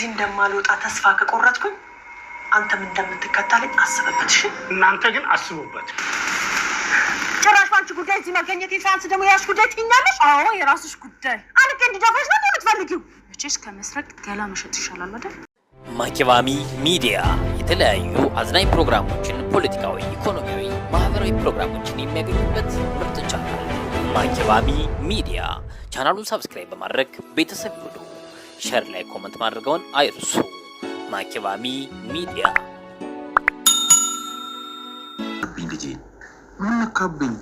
ከዚህ እንደማልወጣ ተስፋ ከቆረጥኩኝ አንተም እንደምትከተለኝ አስብበት። እሺ እናንተ ግን አስቡበት። ጭራሽ ባንቺ ጉዳይ እዚህ መገኘት የሳያንስ ደግሞ የራስሽ ጉዳይ ትኛለሽ። አዎ የራስሽ ጉዳይ። አልክ። እንዲዳፋሽ ነው የምትፈልጊው። መቼስ ከመስረቅ ገላ መሸጥ ይሻላል አይደል? ማኪባሚ ሚዲያ የተለያዩ አዝናኝ ፕሮግራሞችን፣ ፖለቲካዊ፣ ኢኮኖሚያዊ፣ ማህበራዊ ፕሮግራሞችን የሚያገኙበት ምርጥ ቻናል ማኪባሚ ሚዲያ። ቻናሉን ሰብስክራይብ በማድረግ ቤተሰብ ይሁኑ። ሸር ላይ ኮመንት ማድረገውን አይርሱ። ማኪባሚ ሚዲያ ልጄ ምን ነካብኝ?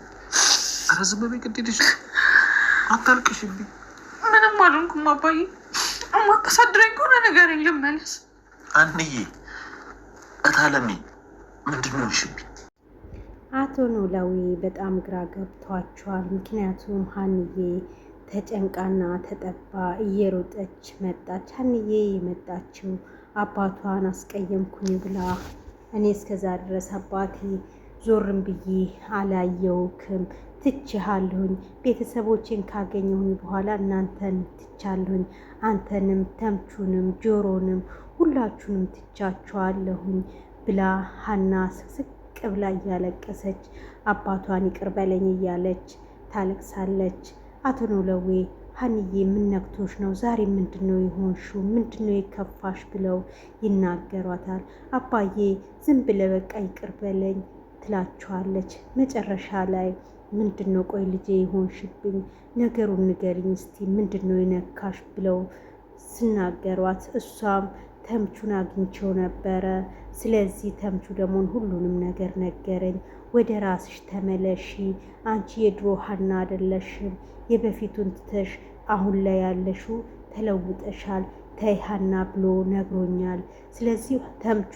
አታልቅሽብኝ። ምንም አባዬ። ከሆነ ነገር አንዬ ምንድን ነው አቶ ኖላዊ በጣም ግራ ገብቷቸዋል። ምክንያቱም ሀንዬ ተጨንቃና ተጠባ እየሮጠች መጣች። ሀንዬ የመጣችው አባቷን አስቀየምኩኝ ብላ እኔ እስከዛ ድረስ አባቴ ዞርም ብዬ አላየውክም ትችሃለሁኝ። ቤተሰቦችን ካገኘሁኝ በኋላ እናንተን ትቻለሁኝ፣ አንተንም፣ ተምቹንም፣ ጆሮንም ሁላችሁንም ትቻችኋለሁኝ ብላ ሀና ስቅስቅ ብላ እያለቀሰች አባቷን ይቅር በለኝ እያለች ታለቅሳለች። አቶ ኖላዊ ሀኒዬ የምነግቶች ነው ዛሬ ምንድን ነው የሆንሹ? ምንድን ነው የከፋሽ? ብለው ይናገሯታል። አባዬ ዝም ብለ በቃ ይቅር በለኝ ትላችኋለች። መጨረሻ ላይ ምንድን ነው ቆይ ልጄ የሆንሽብኝ ነገሩን ንገሪኝ እስቲ ምንድን ነው የነካሽ? ብለው ስናገሯት እሷም ተምቹን አግኝቼው ነበረ። ስለዚህ ተምቹ ደግሞ ሁሉንም ነገር ነገረኝ። ወደ ራስሽ ተመለሺ፣ አንቺ የድሮ ሀና አደለሽም የበፊቱን ትተሽ አሁን ላይ ያለሽው ተለውጠሻል፣ ተይ ሀና ብሎ ነግሮኛል። ስለዚህ ተምቹ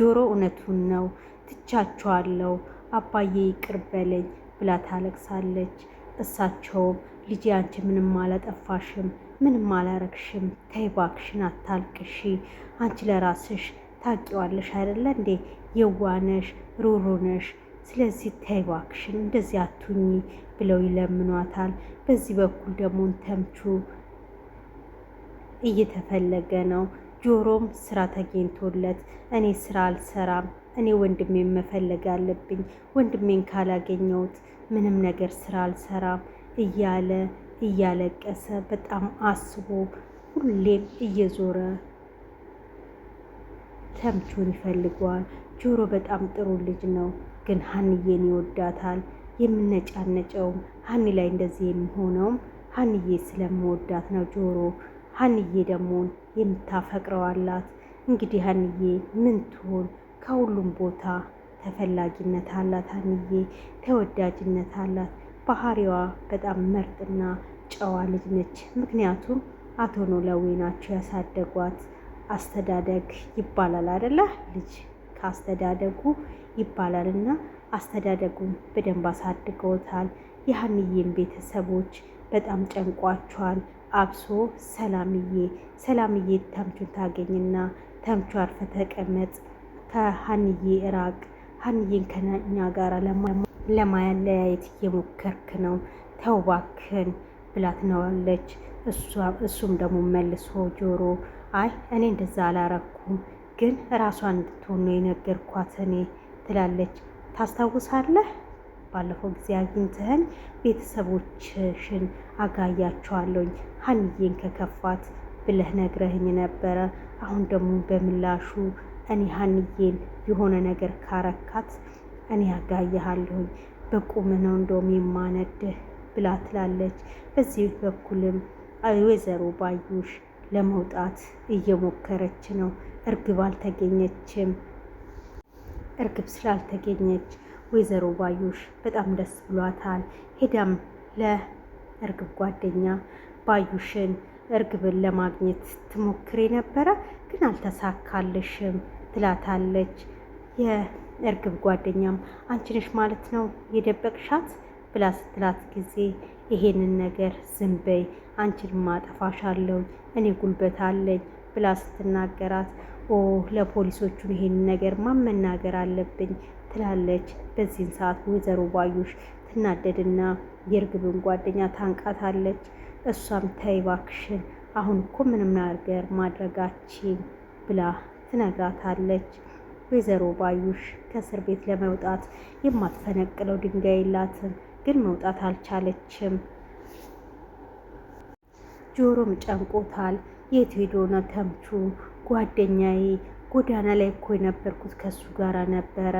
ጆሮ እውነቱን ነው፣ ትቻቸዋለሁ፣ አባዬ ይቅር በለኝ ብላ ታለቅሳለች። እሳቸውም ልጄ አንቺ ምንም አላጠፋሽም ምንም አላረግሽም፣ ተይ እባክሽን አታልቅሺ፣ አንቺ ለራስሽ ታቂዋለሽ አይደለ እንዴ የዋነሽ ሩሩነሽ፣ ስለዚህ ተይ እባክሽን እንደዚህ አቱኝ ብለው ይለምኗታል። በዚህ በኩል ደግሞ ተምቹ እየተፈለገ ነው። ጆሮም ስራ ተገኝቶለት እኔ ስራ አልሰራም፣ እኔ ወንድሜን መፈለግ አለብኝ፣ ወንድሜን ካላገኘሁት ምንም ነገር ስራ አልሰራም እያለ እያለቀሰ በጣም አስቦ ሁሌም እየዞረ ተምቹን ይፈልገዋል። ጆሮ በጣም ጥሩ ልጅ ነው፣ ግን ሀንዬን ይወዳታል። የምነጫነጨውም ሀኒ ላይ እንደዚህ የሚሆነውም ሀንዬ ስለምወዳት ነው ጆሮ። ሀንዬ ደግሞ የምታፈቅረው አላት። እንግዲህ ሀንዬ ምን ትሆን? ከሁሉም ቦታ ተፈላጊነት አላት ሀንዬ፣ ተወዳጅነት አላት። ባህሪዋ በጣም ምርጥና ጨዋ ልጅ ነች። ምክንያቱም አቶ ኖላዊ ናቸው ያሳደጓት። አስተዳደግ ይባላል አደለ? ልጅ ከአስተዳደጉ ይባላል እና አስተዳደጉን በደንብ አሳድገውታል። የሀንዬን ቤተሰቦች በጣም ጨንቋቸዋል። አብሶ ሰላምዬ ሰላምዬ ተምቹን ታገኝና ተምቹ አርፈ ተቀመጥ፣ ከሀንዬ እራቅ፣ ሀንዬን ከኛ ጋር ለማ ለማለያየት እየሞከርክ ነው ተውባክን ብላት ነዋለች። እሱም ደግሞ መልሶ ጆሮ አይ እኔ እንደዛ አላረኩም፣ ግን ራሷን እንድትሆን ነው የነገርኳት እኔ ትላለች። ታስታውሳለህ ባለፈው ጊዜ አግኝተህን ቤተሰቦችሽን አጋያቸዋለሁኝ ሀንዬን ከከፋት ብለህ ነግረህኝ ነበረ። አሁን ደግሞ በምላሹ እኔ ሀንዬን የሆነ ነገር ካረካት እኔ አጋያሃለሁኝ በቁም ነው እንደውም የማነድህ ብላ ትላለች። በዚህ በኩልም ወይዘሮ ባዩሽ ለመውጣት እየሞከረች ነው። እርግብ አልተገኘችም። እርግብ ስላልተገኘች ወይዘሮ ባዩሽ በጣም ደስ ብሏታል። ሄዳም ለእርግብ ጓደኛ ባዩሽን እርግብን ለማግኘት ትሞክሬ ነበረ ግን አልተሳካልሽም ትላታለች። እርግብ ጓደኛም አንቺ ነሽ ማለት ነው የደበቅሻት ብላ ስትላት ጊዜ ይሄንን ነገር ዝም በይ አንቺን ማጠፋሻለሁ እኔ ጉልበት አለኝ ብላ ስትናገራት ኦ ለፖሊሶቹን ይሄን ነገር መናገር አለብኝ ትላለች። በዚህን ሰዓት ወይዘሮ ባዩሽ ትናደድና የእርግብን ጓደኛ ታንቃታለች። እሷም ተይ እባክሽን አሁን እኮ ምንም ነገር ማድረጋችን ብላ ትነግራታለች። ወይዘሮ ባዩሽ ከእስር ቤት ለመውጣት የማትፈነቅለው ድንጋይ የላትም፣ ግን መውጣት አልቻለችም። ጆሮም ጨንቆታል። የት ሄዶ ነው ተምቹ? ጓደኛዬ ጎዳና ላይ እኮ የነበርኩት ከእሱ ጋር ነበረ።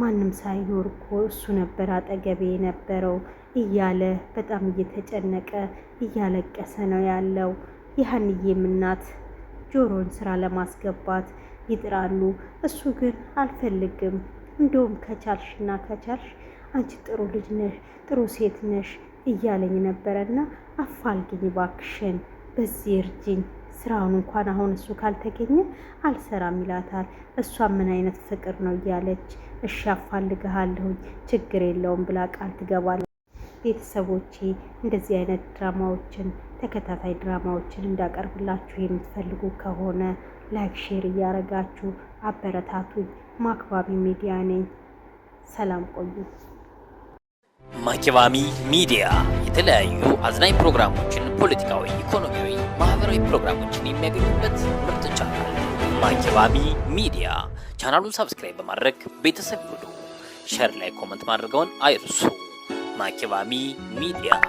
ማንም ሳይኖር እኮ እሱ ነበር አጠገቤ የነበረው እያለ በጣም እየተጨነቀ እያለቀሰ ነው ያለው። የሀንዬም እናት ጆሮን ስራ ለማስገባት ይጥራሉ። እሱ ግን አልፈልግም፣ እንደውም ከቻልሽና ከቻልሽ አንቺ ጥሩ ልጅ ነሽ፣ ጥሩ ሴት ነሽ እያለኝ ነበረና አፋልግኝ ባክሽን፣ በዚህ እርጅኝ፣ ስራውን እንኳን አሁን እሱ ካልተገኘ አልሰራም ይላታል። እሷ ምን አይነት ፍቅር ነው እያለች እሺ አፋልግሃለሁኝ፣ ችግር የለውም ብላ ቃል ትገባለች። ቤተሰቦቼ እንደዚህ አይነት ድራማዎችን ተከታታይ ድራማዎችን እንዳቀርብላችሁ የምትፈልጉ ከሆነ ላይክ፣ ሼር እያደረጋችሁ አበረታቱኝ። ማክባቢ ሚዲያ ነኝ። ሰላም ቆዩ። ማኪባሚ ሚዲያ የተለያዩ አዝናኝ ፕሮግራሞችን፣ ፖለቲካዊ፣ ኢኮኖሚያዊ፣ ማህበራዊ ፕሮግራሞችን የሚያገኙበት ምርጥ ቻናል ማኪባሚ ሚዲያ። ቻናሉን ሰብስክራይብ በማድረግ ቤተሰብ ሁሉ ሸር ላይ ኮመንት ማድረገውን አይርሱ። ማኪባሚ ሚዲያ